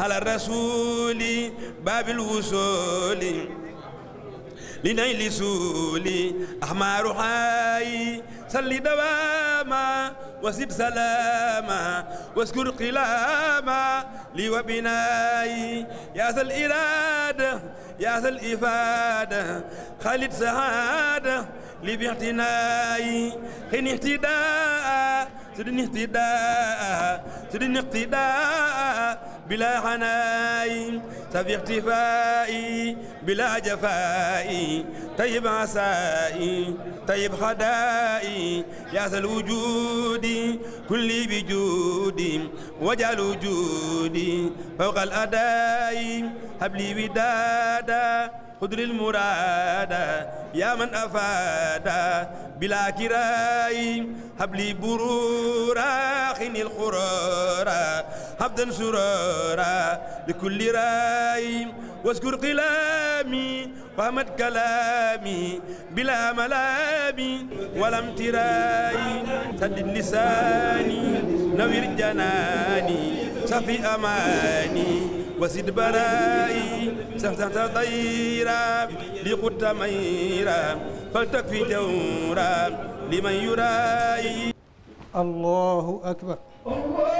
على الرسول باب الوصول لنيل سولي أحمر حي صلي دواما وسب سلاما واسكر قلاما لي وبناي يا ذا الإرادة يا ذا الإفادة خالد سهادة لي باعتناي خين اهتداء سدني اهتداء سدني اهتداء بلا حناي سبي اختفائي بلا جفائي طيب عسائي طيب خدائي يا سل وجودي كل بجودي وجعل وجودي فوق الأدائي هب لي ودادا قدر المراد يا من أفاد بلا كرائي هب لي برورا خني الخرورا عبد سرارا لكل راي واذكر قلامي وهمت كلامي بلا ملامي ولا امتراي سدد لساني نوير جناني صفي اماني وسد برائي سهتت تطيرا لقد ميرا فلتكفي جورا لمن يرائي الله اكبر الله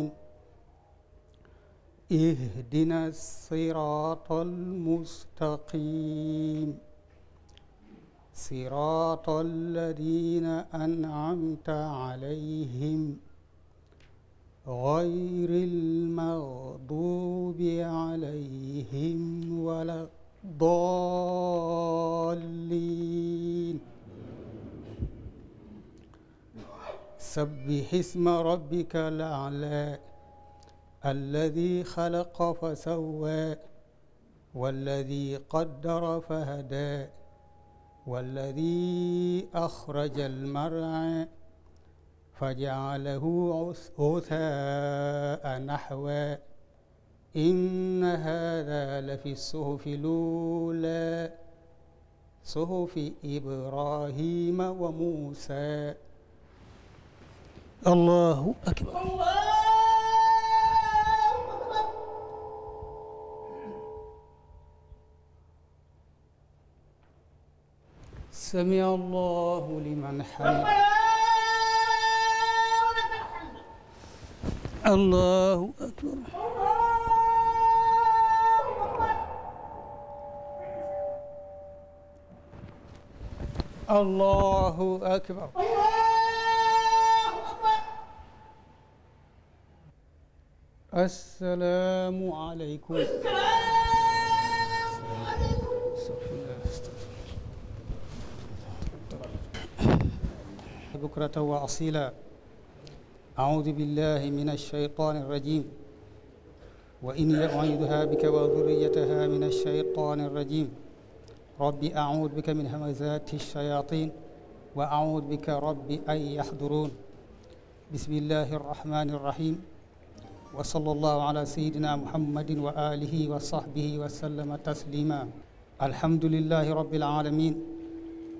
اهدنا الصراط المستقيم صراط الذين أنعمت عليهم غير المغضوب عليهم ولا الضالين سبح اسم ربك الأعلى الذي خلق فسوى والذي قدر فهدى والذي أخرج المرعى فجعله غثاء نحوا إن هذا لفي الصحف الأولى صحف إبراهيم وموسى الله أكبر الله سمع الله لمن حمده الله أكبر الله أكبر السلام عليكم بكرة وأصيلا أعوذ بالله من الشيطان الرجيم وإني أعيدها بك وذريتها من الشيطان الرجيم ربي أعوذ بك من همزات الشياطين وأعوذ بك ربي أن يحضرون بسم الله الرحمن الرحيم وصلى الله على سيدنا محمد وآله وصحبه وسلم تسليما الحمد لله رب العالمين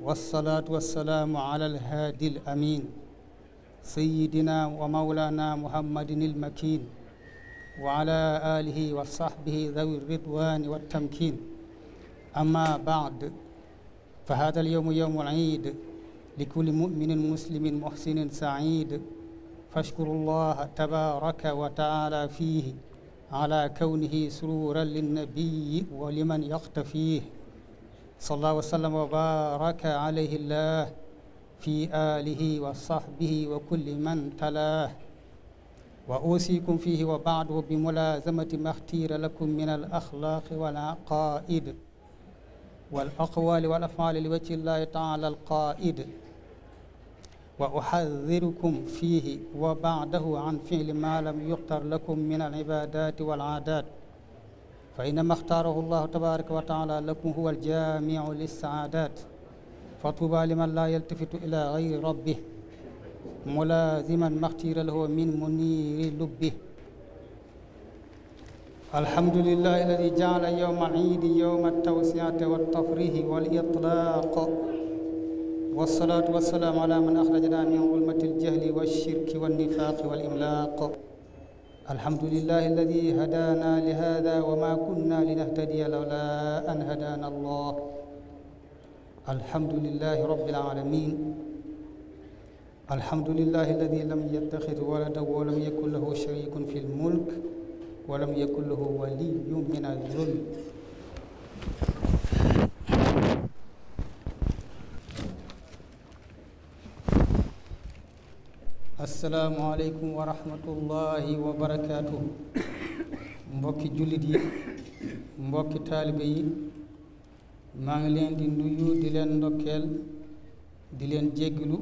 والصلاة والسلام على الهادي الأمين سيدنا ومولانا محمد المكين وعلى آله وصحبه ذوي الرضوان والتمكين أما بعد فهذا اليوم يوم العيد لكل مؤمن مسلم محسن سعيد فاشكروا الله تبارك وتعالى فيه على كونه سرورا للنبي ولمن يقتفيه صلى الله وسلم وبارك عليه الله في آله وصحبه وكل من تلاه وأوصيكم فيه وبعده بملازمة ما اختير لكم من الأخلاق والعقائد والأقوال والأفعال لوجه الله تعالى القائد وأحذركم فيه وبعده عن فعل ما لم يختر لكم من العبادات والعادات فإنما اختاره الله تبارك وتعالى لكم هو الجامع للسعادات فطوبى لمن لا يلتفت إلى غير ربه ملازما ما اختير له من منير لبه الحمد لله الذي جعل يوم عيد يوم التوسعة والتفريح والإطلاق والصلاة والسلام على من أخرجنا من ظلمة الجهل والشرك والنفاق والإملاق الحمد لله الذي هدانا لهذا وما كنا لنهتدي لولا أن هدانا الله الحمد لله رب العالمين الحمد لله الذي لم يتخذ ولدا ولم يكن له شريك في الملك ولم يكن له ولي من الذل assalaamu aleykum wa rahmatullahi wa barakatuhu mbokki jullit yi mbokki taalibe yi maa ngi leen di nuyu di leen ndokkeel di leen jéggilu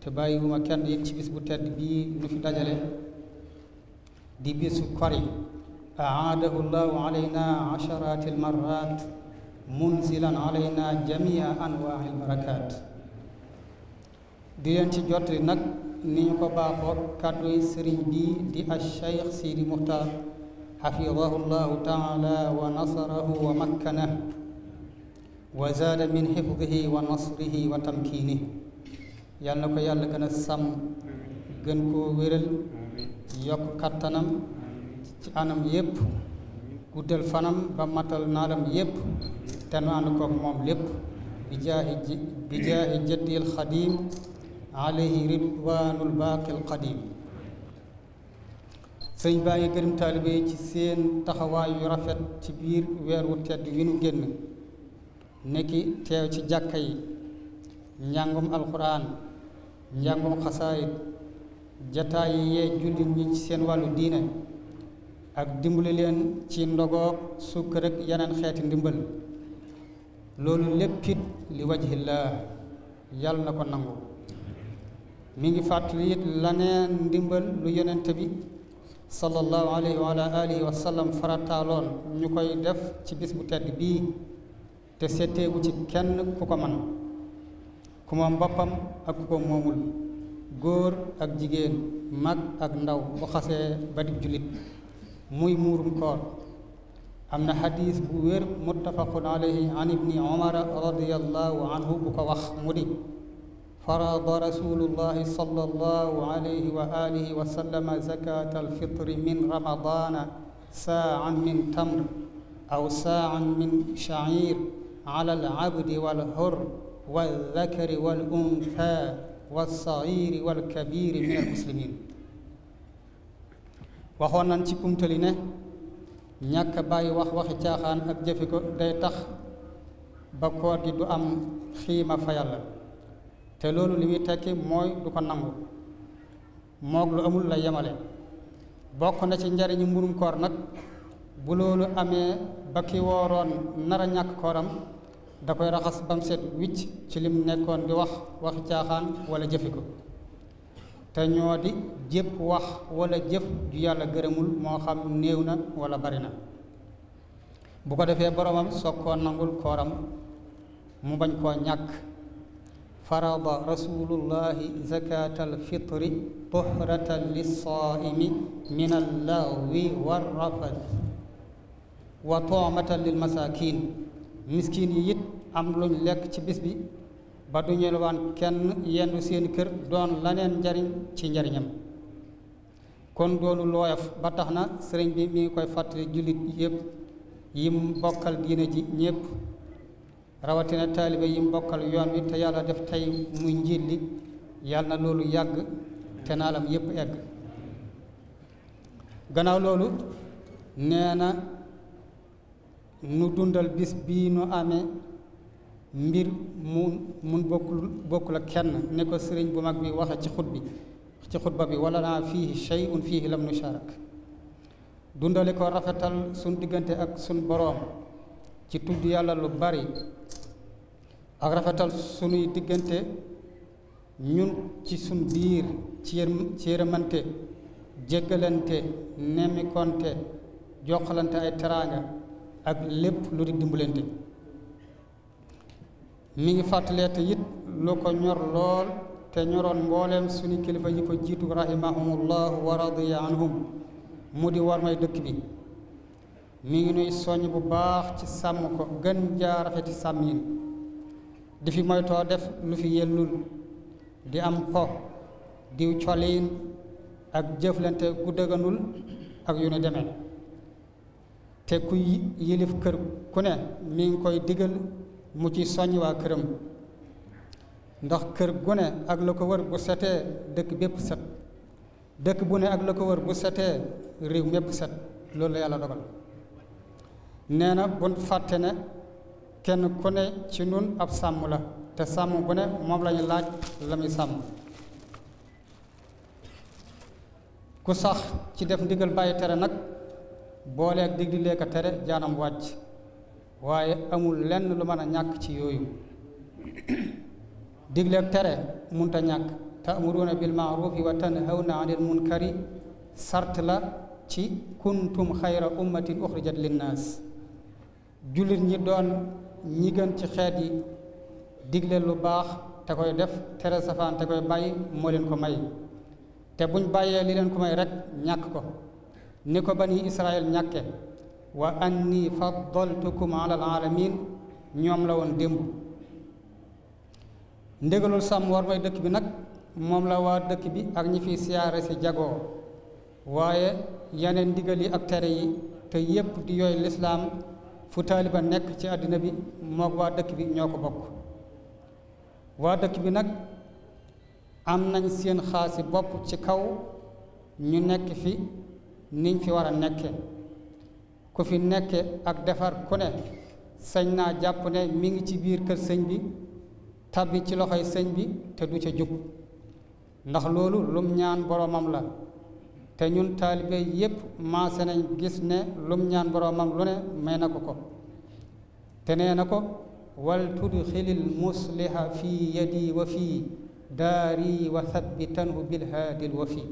te bàyyiwuma kenn it ci bis bu tedd bii nu fi dajale di bisu kori aadahu llahu alayna acharatil marrat munzilan alayna jamia anwail barakat di leen ci jottali nag نيكو باخوك كادوي سيري بي دي الشيخ سيري مختار حفظه الله تعالى ونصره ومكنه وزاد من حفظه ونصره وتمكينه يالا كو يالا غنا سام غن كو ويرل يوك كاتانام انام ييب غودل فانام با ماتال نالام ييب تانو اندكو موم ليب بجاه بجاه جدي الخديم alayhi ridwaanul baaqil qadiim sëñ baa ngi gërëm taalibe yi ci seen taxawaay yu rafet ci biir weer wu tedd wi nu génn nekki teew ci jàkka yi njàngum alxuraan njàngum xasaayit jataay yi yee jullit ñi ci seen wàllu diine ak dimbali leen ci ndogoog sukk rek yeneen xeeti ndimbal loolu lépp it li wajhillah yàlla na ko nangu mi ngi fàttali it laneen ndimbal lu yonent bi sallallahu alayhi wa ñu koy def ci bis bu tedd bii te setteegu ci kenn ku ko man ku moom boppam ak ku ko moomul góor ak jigéen mag ak ndaw bu xasee ba jullit muy muurum koor am na xadis bu wér muttafaqun alayhi an ibni omara radiallahu anhu bu ko wax mu di فرض رسول الله صلى الله عليه وآله وسلم زكاة الفطر من رمضان ساعا من تمر أو ساعا من شعير على العبد والهر والذكر والأنثى والصغير والكبير من المسلمين waxoon نتكم ci kumtali باي واخ واخ wax waxi caaxaan ak jëfe ko day tax ba koor gi te loolu li muy tekki mooy du ko nangu moog lu amul la yemale bokk na ci njariñu mburum koor nag bu loolu amee ba ki wooroon nar a ñàkk kooram da koy raxas bam wicc ci lim nekkoon di wax waxi caaxaan walla jëfi ko te ñoo di jëpp wax walla jëf ju yàlla gërëmul moo xam néew na wala bari na bu ko defee boromam soog koo nangul kooram mu bañ koo ñàkk farada rasulullahi zakatal fitri tuhratan lissaimi min allawi warrafat wa toomatan lil miskin yi it am luñ lekk ci bis bi ba du ñelwaan kenn yendu seen kër doon laneen njariñ ci njariñam kon doonu looyof ba tax na sëriñ bi mu ngi koy fàttali jullit yépp yim bokkal diina ji ñépp rawatina taalibe yi mbokkal yoon wi te yàlla def tey muy njiit li yàlla na loolu yàgg te naalam yépp egg gannaaw loolu nee na nu dundal bis bii nu amee mbir mu mun bokkul bokkul ak kenn ne ko sëriñ bu mag bi waxe ci xut bi ci xutba bi wala naa fiihi shay'un fii lam nusharak dundale ko rafetal suñ diggante ak suñ boroom ci tudd yàlla lu bari ak rafetal sunuy diggante ñun ci sun biir ci yërmante jéggalante nemmikonte jokkalante ay teraanga ak lépp lu di dimbalante mi ngi fàttaleete it lu ko ñor lool te ñoroon mbooleem sunu kilifa yi ko jiitu rahimahumullahu wa radiya anhum mu di war may dëkk bi mi ngi nuy soññ bu baax ci sàmm ko gën jaa rafeti sàmmiin di fi moytoo def lu fi yellul di am xo diw coliin ak jëflante gu dëgganul ak yu ne demee te ku yilif kër ku ne mi ngi koy digal mu ci soññ waa këram ndax kër gu ne ak la ko wër bu setee dëkk bépp set dëkk bu ne ak la ko wër bu setee réew mépp set loolu la yàlla dogal nee na bun fàtte ne kenn kone ci nun ab sàmm la te sàmm bu ne moom la ñu laaj la muy sàmm ku sax ci def ndigal bàyyi tere nag booleeg digdilee ko tere jaanam wàcc waaye amul lenn lu mën a ñàkk ci yooyu digleeg tere munta ñàkk ta'muruuna bil ma'ruufi wa tanhawna anil munkari sart la ci kuntum xayra ummatin uxrijat linnaas jullit ñi doon ñi gën ci xeet yi digle lu baax te koy def tere safaan te koy bàyyi moo leen ko may te buñ bàyyee li leen ko may rek ñàkk ko ni ko ba bani israel ñàkke wa anni faddaltukum alal alamin ñoom la woon démb ndégalul sàmm war may dëkk bi nag moom la waa dëkk bi ak ñi fi siyaare si jagoo waaye yeneen ndigal yi ak tere yi te yépp di yooyu lislaam fu taaliba nekk ci àddina bi mook waa dëkk bi ñoo ko bokk waa dëkk bi nag am nañ seen xaasi bopp ci kaw ñu nekk fi niñ fi war a nekke ku fi nekke ak defar ku ne sañ naa jàpp ne mi ngi ci biir kër sëñ bi tabbi ci loxoy sëñ bi te du ca jug ndax loolu lum ñaan boromam la te ñun taalibe yépp maase nañ gis ne lum ñaan boroomam lu ne may na ko ko te nee na ko wal tudxilil musliha fii yadi wa fii daari wa sabbitanhu bilhaadil wa fi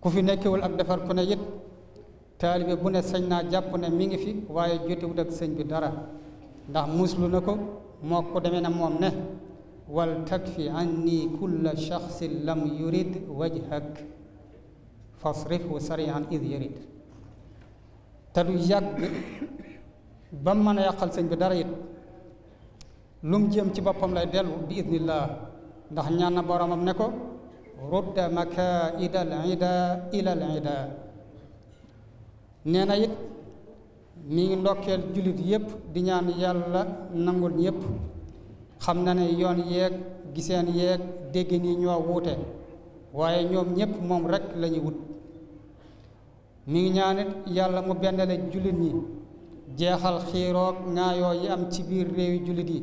ku fi nekkewul ak defar ku ne it taalibe bu ne sañ naa jàpp ne mi ngi fi waaye jotewut ak sëñ bi dara ndax muslu na ko moo ko demee na moom ne ولتكف عني كل شخص لم يرد وجهك فاصرفه سريعا إذ يرد تلوياك بمن يقل سنج بدريت لم جيم تبابم لا دلو بإذن الله ndax ñaan na boromam ne ko rudda makaida al ida ila al ida nee na it mi ngi ndokkeel julit yépp di ñaan yàlla nangul ñépp xam na ne yoon yeeg giseen yeeg dégg nii ñoo wuute waaye ñoom ñépp moom rekk lañuy wut mi ngi ñaanit yàlla mu bennale jullit ñi jeexal xiiroog ñaayoo yi am ci biir réewi jullit yi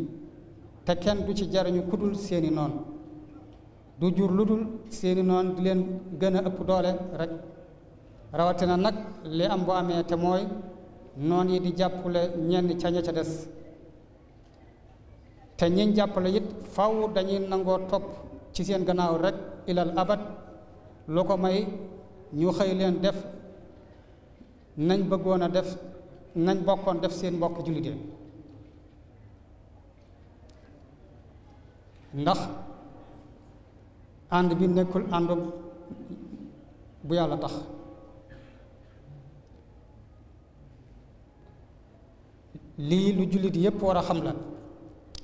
te kenn du ci jariñu kudul seeni noon du jur ludul dul seeni noon di leen gën a ëpp doole rekk rawatina nag li am bu amee te mooy noon yi di jàppule ñenn ca ña ca des te ñiñ jàppale it faw dañuy nangoo topp ci seen gannaaw rekk ilal abad lu ko may ñu xëy leen def nañ bëggoon a def nañ bokkoon def seen mbokk jullite ndax ànd bi nekkul ànd bu yàlla tax lii lu jullit yépp war a xam la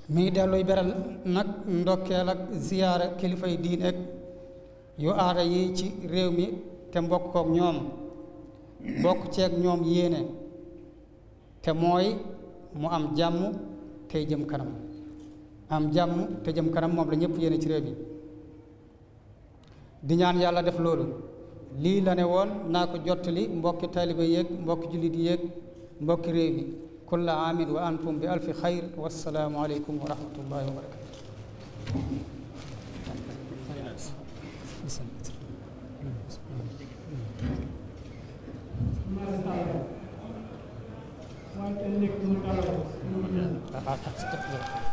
mii delloy beral nag ndokkeel ak ziyaara kilifay diin ek yu aada yi ci réew mi te mbokk koog ñoom bokk ceeg ñoom yéene te mooy mu am jàmm te jëm kanam am jàmm te jëm kanam moom la ñëpp yéene ci réew bi di ñaan yàlla def loolu lii la ne woon naa ko jottali mbokki taliba yeeg mbokki jullit yeeg mbokki réew mi كل عام وأنتم بألف خير والسلام عليكم ورحمة الله وبركاته Thank you.